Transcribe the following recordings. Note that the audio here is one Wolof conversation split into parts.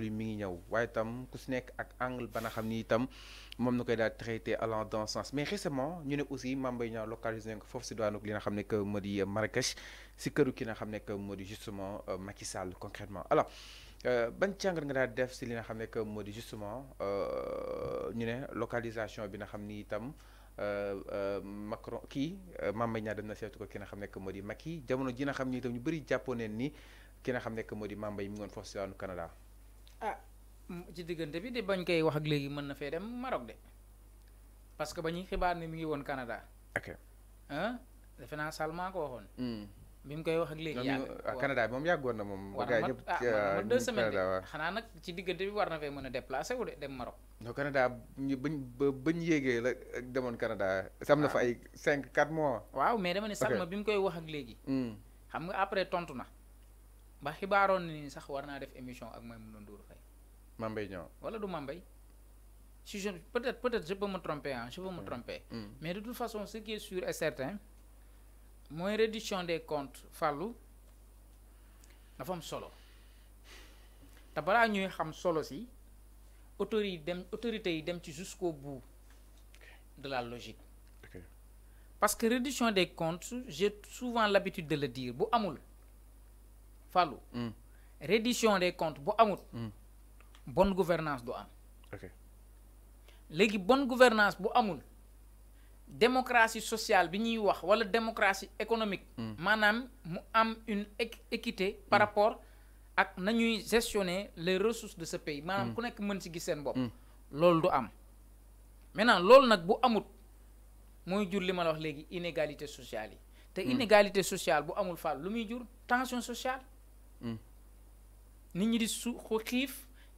pluie mi ngi ñëw ku ak angle ba nga itam moom allant dans sens mais récemment ñu aussi li que Marrakech si keuru ki que justement euh, Macky Sall concrètement alors euh, ban qui nga da def ci li que justement euh, ñu localisation qui nga xamni euh Macron Mame qui est na seetu ko ki nga Macky jamono ji ñu ni ki que Canada ah ci diggante bi di bañ koy wax ak léegi mën na fee dem Maroc de parce que ba ñuy xibaar ne mi ngi woon Canada. ah defe naa Salma ko waxoon. Hmm. bi mu koy wax ak léegi. yàgg ah, Canada moom yàggoon na moom. war na mat ah, ah deux xanaa nag ci diggante bi war na fee mën a déplacé wu de dem Maroc. non Canada ñu bañ bañ yéegee la demoon Canada. sam na fa ah. ay cinq quatre mois. waaw mais dama ne Salma bi mu koy wax ak léegi. Hmm. xam nga après tontu na. ba xibaaroon na ni sax war naa def émission ak Maimouna Ndour. Mambay du si je peut-être peut je peux me tromper hein, je peux me mm. tromper. Mm. mais de toute façon ce qui est sûr et certain La réduction des comptes Fallou, La am solo pas balaa ñuy xam solo si autorité autorité dem jusqu'au bout de la logique. parce que réduction des comptes j'ai souvent l'habitude de le dire bu amul La mm. réduction des comptes bu amul bonne gouvernance doit am bonne gouvernance bu amul démocratie sociale ou la wax démocratie économique manam hmm. mu am une équité par hmm. rapport à nañuy gestion les ressources de ce pays Je hmm. ku nek mën ci gis seen bopp Lool du am maintenant lool nak bu amut moy jur li ma wax inégalité sociale Té inégalité sociale bu amul fa lu muy tension sociale nit ñi di su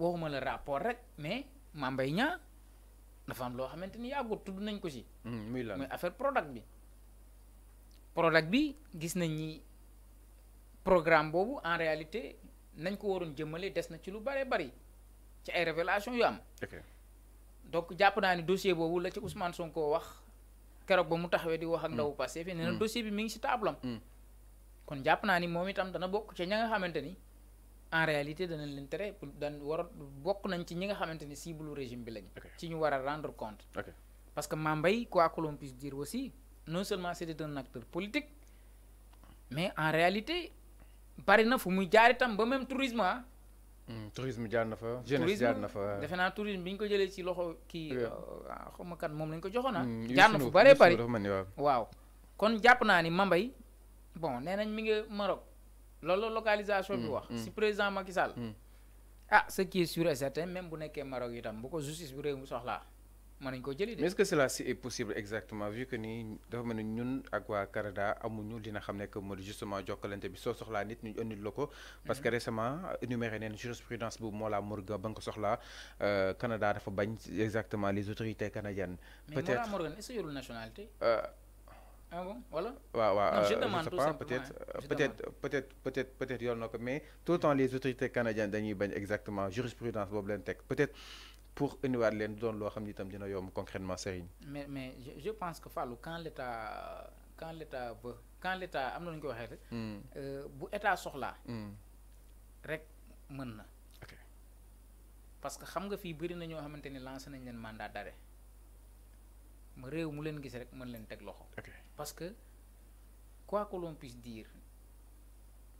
waxuma le rapport rek mais Mame Mbaye Niang dafa am loo xamante ni tudd ko ci hmm, muy affaire product bi. Produk bi gis nañ ni programme bobu en réalité nañ ko waroon jëmele dess na ci lu bare bari ci ay révélation yu am. donc japp na ni dossier bobu la ci Ousmane Sonko wax kérok ba mu taxawé di wax ak hmm. ndawu passé fi né dossier bi mi ngi ci table am. Hmm. kon japp na ni moom itam dana bok ci ña nga en réalité dans l'intérêt, pour dan war nañ ci nous régime rendre compte parce que Mambay quoi que l'on puisse dire aussi non seulement c'était un acteur politique mais en réalité Paris na fu jaar itam même tourisme ah. hmm, tourisme jaar na jeunesse jaar tourisme qui ko ci loxo euh, ah, kan lañ ko ah. hmm, jaar na fu Paris bon Maroc loolu la localisation bi mm, wax mm. si président Macky Sall mm. ah ce qui est sûr et certain même bu nekkee Maroc itam bu ko justice bu réew mi soxlaa mën nañ ko jëli mais est-ce que cela si est possible exactement vu que ni dafa mel ni ñun ak wa Canada amuñu dina xamné que moo justement justement jokkalante bi soo soxlaa nit ñu indil la parce que mm-hmm. récemment énuméré neen jurisprudence bu mola Morgan ba nga ko soxlaa euh, Canada dafa bañ exactement les autorités canadiennes peut-être mais Mollah Morgan est-ce que yorul nationalité euh, ah bon voilà. waaw waaw je euh, demande tout simplement peut-être euh, peut-être peut-être peut-être peut-être yoon na ko mais tout en les autorités canadiennes dañuy bañ exactement jurisprudence boobu leen teg peut-être pour une leen doon loo xam ni itam dina yomb concrètement Serigne. mais mais je pense que Fallou quand l'État quand l'État veut quand l'État am na lu ñu ko waxee rek. Hmm. Euh, bu état soxlaa. Hmm. rek mën na. parce que xam nga fii bëri na ñoo xamante ni lancé nañ leen mandat d'arrêt mu réew mu leen gis rek mën leen teg loxo. Parce que, quoi que l'on puisse dire,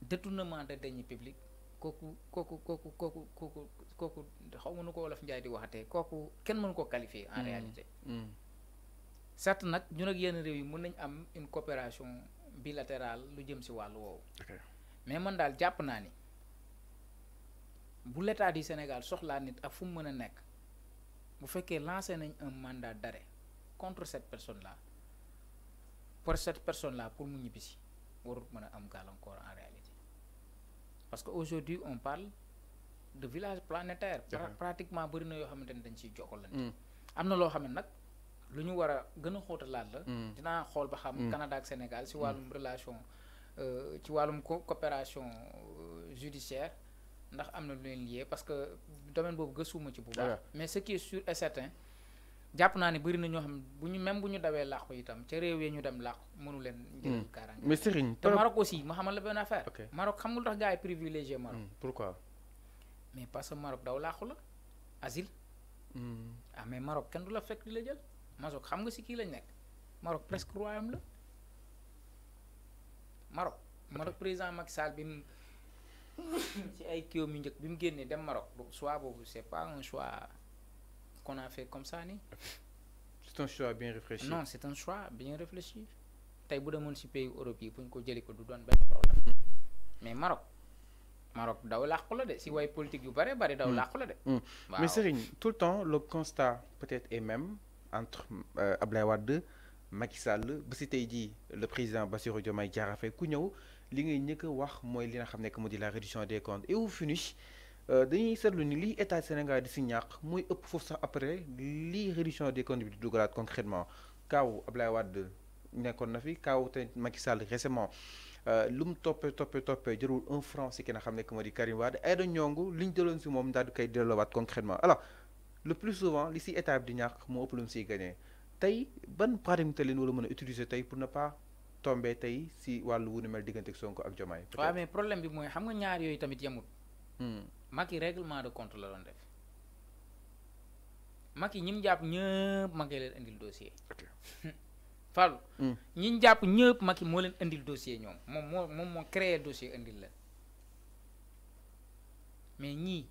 détournement de deniers publics, kooku kooku kooku kooku kooku kooku xaw ma nu ko wolof njaay di waxatee kooku kenn mënu qualifier en hmm. réalité hmm. certes nag ñun ak yenn réew yi mën nañ am une coopération bilatérale lu jëm si wàllu woowu mais man daal jàpp naa ni bu l'état du Sénégal soxlaa nit ak fu mu mën bu fekkee lancé nañ un mandat d'arrêt contre cette personne là pour cette personne là pour mu ñibbisi pour mon a encore en réalité parce que aujourd'hui on parle de village planétaire pratiquement bëri na yoo xamante ne dañ ciy jokkalante mm. am na loo xam ne nag lu ñu a gën a xóotalaat la mm. dinaa xool ba xam mm. Canada ak Sénégal si wàllum relation euh, ci wàllum coopération euh, judiciaire ndax am na lu leen lié parce que domaine boobu gëstuwuma ci bu baax mais ce qui est sûr et certain japp naa ne bëri na ñoo xam bu ñu même bu ñu dawee làqu itam ca réew yi ya ñu dem làqu mënu leen njëriñ kaaraange hmm. mais sëriñ te Maroc aussi ma xamal la benn affaire Maroc xam nga tax gars yi privilégié Maroc hmm, pourquoi mais parce que Maroc daw làqu la asile hmm. ah mais Maroc kenn du la fekk di la jël Maroc xam nga si kii lañ nekk Maroc presque royaume la Maroc Maroc président Macky Sall bi ci ay kii yu njëkk bi mu génnee dem Maroc donc choix boobu c'est pas un choix qu'on a fait comme ça ni c'est un choix bien réfléchi non c'est un choix bien réfléchi Tay bu si pays européen pour ko ko du mais Maroc Maroc daw la dé si way politique yu bare bari daw hmm. làqu la dé. Hmm. mais Serigne tout le temps le constat peut-être est même entre euh, Ablaye Wade Macky Sall ba dit tay le président Bassirou Diomaye Diakhar ku ñew li ngay ñëk a wax moy li nga xamné que modi la réduction des comptes et où finish. Euh, dañuy seetlu ni lii état Sénégal di si ñàkk mooy ëpp foofu sax après li réduction des comptes de di dugalaat concrètement kaaw Ablaye Wade nekkoon na fi kaaw te Macky Sall récemment euh, lu mu toppee toppee toppee jërul un franc si ki nga xam ne que di Karim Wade ay da ñongu li ñu jëloon si moom daal di koy delloowaat concrètement alors le plus souvent li si état bi di ñàkk moo ëpp lu mu siy gagné tey ban paramètre leen wala mën a utiliser tey pour ne pas tomber tey si wàllu wu nu mel diggante Sonko ak Diomaye. waaw mais problème bi mooy xam nga ñaar yooyu tamit yemul. Hmm. Maki règlement de compte la doon def Maki ñim japp ñepp endil Macky leen andil dossier. Fallou ñi ñu jàpp ñëpp Macky hmm. moo leen andil dossier ñom mom mom mo créer dossier andil la mais ñi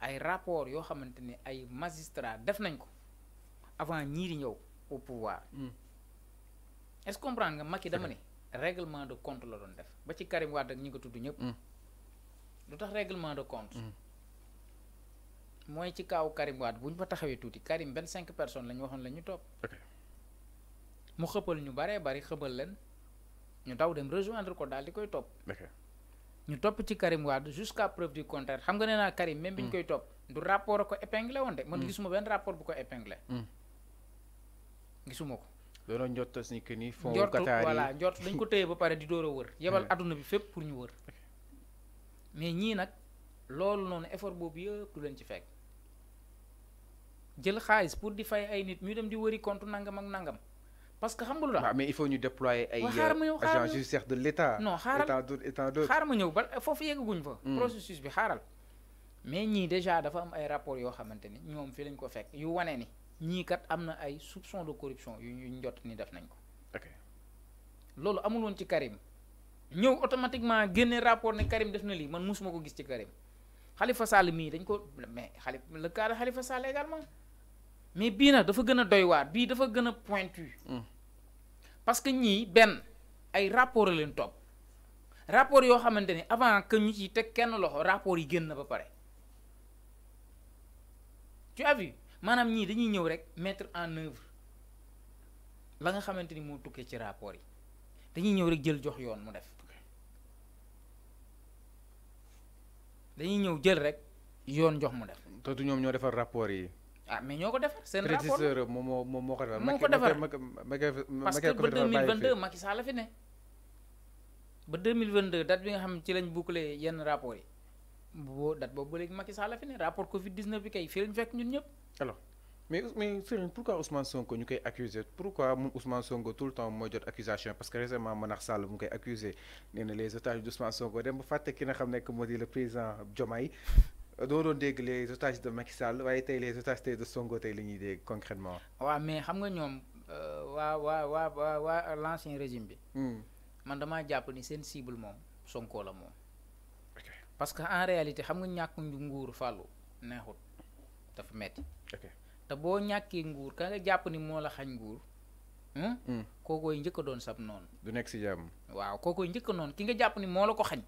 ay rapport yo xamanteni ay magistrat def nañ ko avant ñi di ñew au pouvoir. Hmm. est-ce comprendre nga maki dama ne règlement de compte la doon def ba ci Karim wad ak ñi ko tudd lu tax règlement de compte. Mm. mooy ci kaaw Karim Wade bu ñu fa taxawee tuuti Karim benn cinq personnes la ñu waxoon la ñu topp. mu xëppal ñu baree bari xëppal leen ñu daw dem rejoindre ko daal di koy topp. ñu topp ci Karim Wade jusqu'à preuve du contraire xam nga nee naa Karim même bi ñu mm. koy topp du rapport ko épinglé woon de. man mm. gisuma benn rapport bu ko épinglé. gisuma ko. looloo njortas ni que nii fond Qatar yi njort voilà njort dañ ko téye ba pare di door a wër. yebal eh. adduna bi fépp pour ñu wër. mais ñii nag loolu noonu effort boobu yëpp du leen ci fekk jël xaalis pour di fay ay nit ñu dem di wëri compte nangam ak nangam parce que xam nga lu la mais il faut ñu déployer ay euh, agents judiciaires de l'État non xaaral xaar ma ñëw ba foofu yeggaguñ fa hmm. processus bi xaaral mais ñii déjà dafa am ay rapports yoo xamante ni ñoom fii lañ ko fekk yu wane ni ñii kat am na ay soupçon de corruption yu ñu jot ni def nañ ko ok loolu amul woon ci Karim ñëw automatiquement génne rapport ne Karim def na lii man musuma ko gis ci Karim xalifa Sall mii dañ ko mais Khalifa le cas de Khalifa Sall également mais bii nag dafa gën a doy waar bii dafa gën a point pointu. Hmm. parce que ñii benn ay rapport a leen topp rapport yoo xamante ni avant que ñu ci teg kenn loxo rapport yi génn na ba pare tu as maanaam ñii dañuy ñëw rek mettre en œuvre la nga xamante ni moo tukkee ci rapport yi dañuy ñëw rek jël jox yoon mu def dañuy ñëw jël rek yoon jox mu def. te ñoom ñoo defar rapport yi. ah mais ñoo ko defar seen rapport mo mo mo moo ko defar. mo ko defar parce que ba 2022 Macky Sall la fi ne. ba 2022 date bi nga xam ci lañ boucler yenn rapport yi bo date boobu ba léegi Macky Sall la fi ne rapport Covid 19 bi kay fi lañ fekk ñun ñëpp alors. mais mais pourquoi Ousmane Sonko est accusé? pourquoi Ousmane Sonko tout le temps mooy accusation parce que récemment Manar Sall mu accusé koy les otages d'Ousmane Sonko dem ba fait, ki n'a xam le président Diomaye doo doon dégg les otages de Macky Sall waaye les otages de Sonko tey concrètement Oui, mais xam nga ñoom euh, waa l'ancien régime bi hmm. man damaa jàpp ni Sonko parce qu'en en réalité xam nga ñàkk nguur fàllu neexut dafa metti te boo ñàkkee nguur ka nga jàpp ni moo la xañ nguur hmm? hmm. kookooy njëkk doon sab noonu du nekk si jàmm waaw kookooy njëkk noonu ki nga jàpp ni moo la ko xañ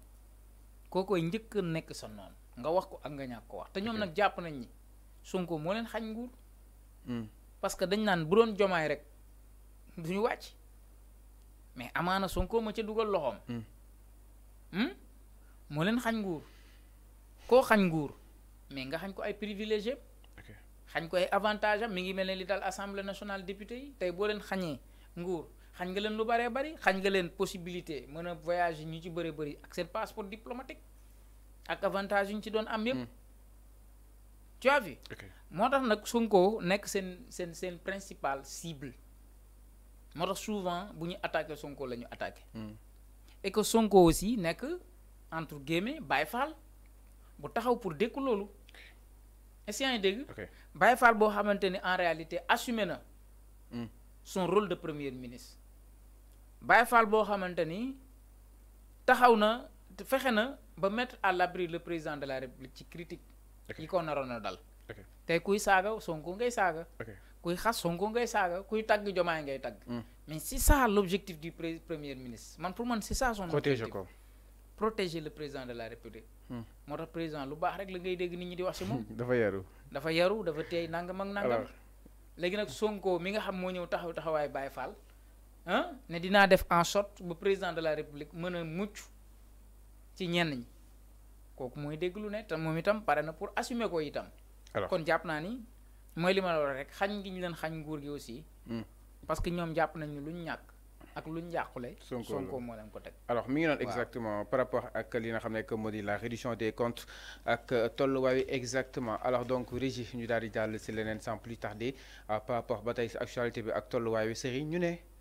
kookooy njëkk nekk sa noonu nga wax ko ak nga ñàkk ko wax te ñoom nag jàpp nañ ni sunko moo leen xañ nguur hmm. parce que dañ naan bu doon jomaay rek duñu wàcc mais amaana sunko ma ca dugal loxoom hmm. moo leen xañ nguur koo xañ nguur mais nga xañ ko ay privilégié xañ koy avantage am mi ngi mel ne li daal assemblée nationale député yi tey boo leen xagné nguur xagn nga leen lu bëree bëri xagn nga leen possibilité meuna voyage ñu ci bëri bëri ak seen passeport diplomatique ak avantage ñu ci doon am yépp hmm. tu as vu. moo tax nag Sonko nekk sen sen principal cible motax souvent bu ñu attaqué Sonko lañu attaquer hmm. et que Sonko aussi nek entre guillemets bayfal bu taxaw pour dékku lolu est-ce un ngi dégg. Baye Fall boo en réalité assumé na. Hmm. son rôle de premier ministre. Baye Fall boo xamante ni taxaw na na ba mettre à l'abri le président de la république ci critique yi ko naroon a dal. tay kuy son ko ngay saaga. kuy Son ko ngay saga kuy tagg jomay ngay tag mais c'est ça l'objectif du premier ministre man pour man c'est ça son objectif. protéger le président de la république. Hmm. Mo tax président lu baax rek la ngay dégg nit ñi di wax ci mom. dafa yaru dafa yaru dafa tey nangam ak nangam. Légui nak Sonko mi nga xam mo ñew taxaw taxaway Baye Fall. Hein? Ah, né dina def en sorte bu président de la république mëna mucc ci ñenn ñi Koku moy dégg lu né tam moom itam paré na pour assumer ko itam. kon japp na ni moy li ma la wax rek xagn gi ñu leen xagn nguur gi aussi. Hmm. parce que ñom japp nañu lu ñu ñàkk. ak lu ñu Sonko mo leen ko tek alors mi ngi non exactement par rapport ak li nga xamné que modi la réduction des comptes ak tolluwaayu exactement alors donc régi ñu daal di jàll si leneen sans plus tarder euh, par rapport ba tey actualité bi ak tolluwaayu Serigne ñu né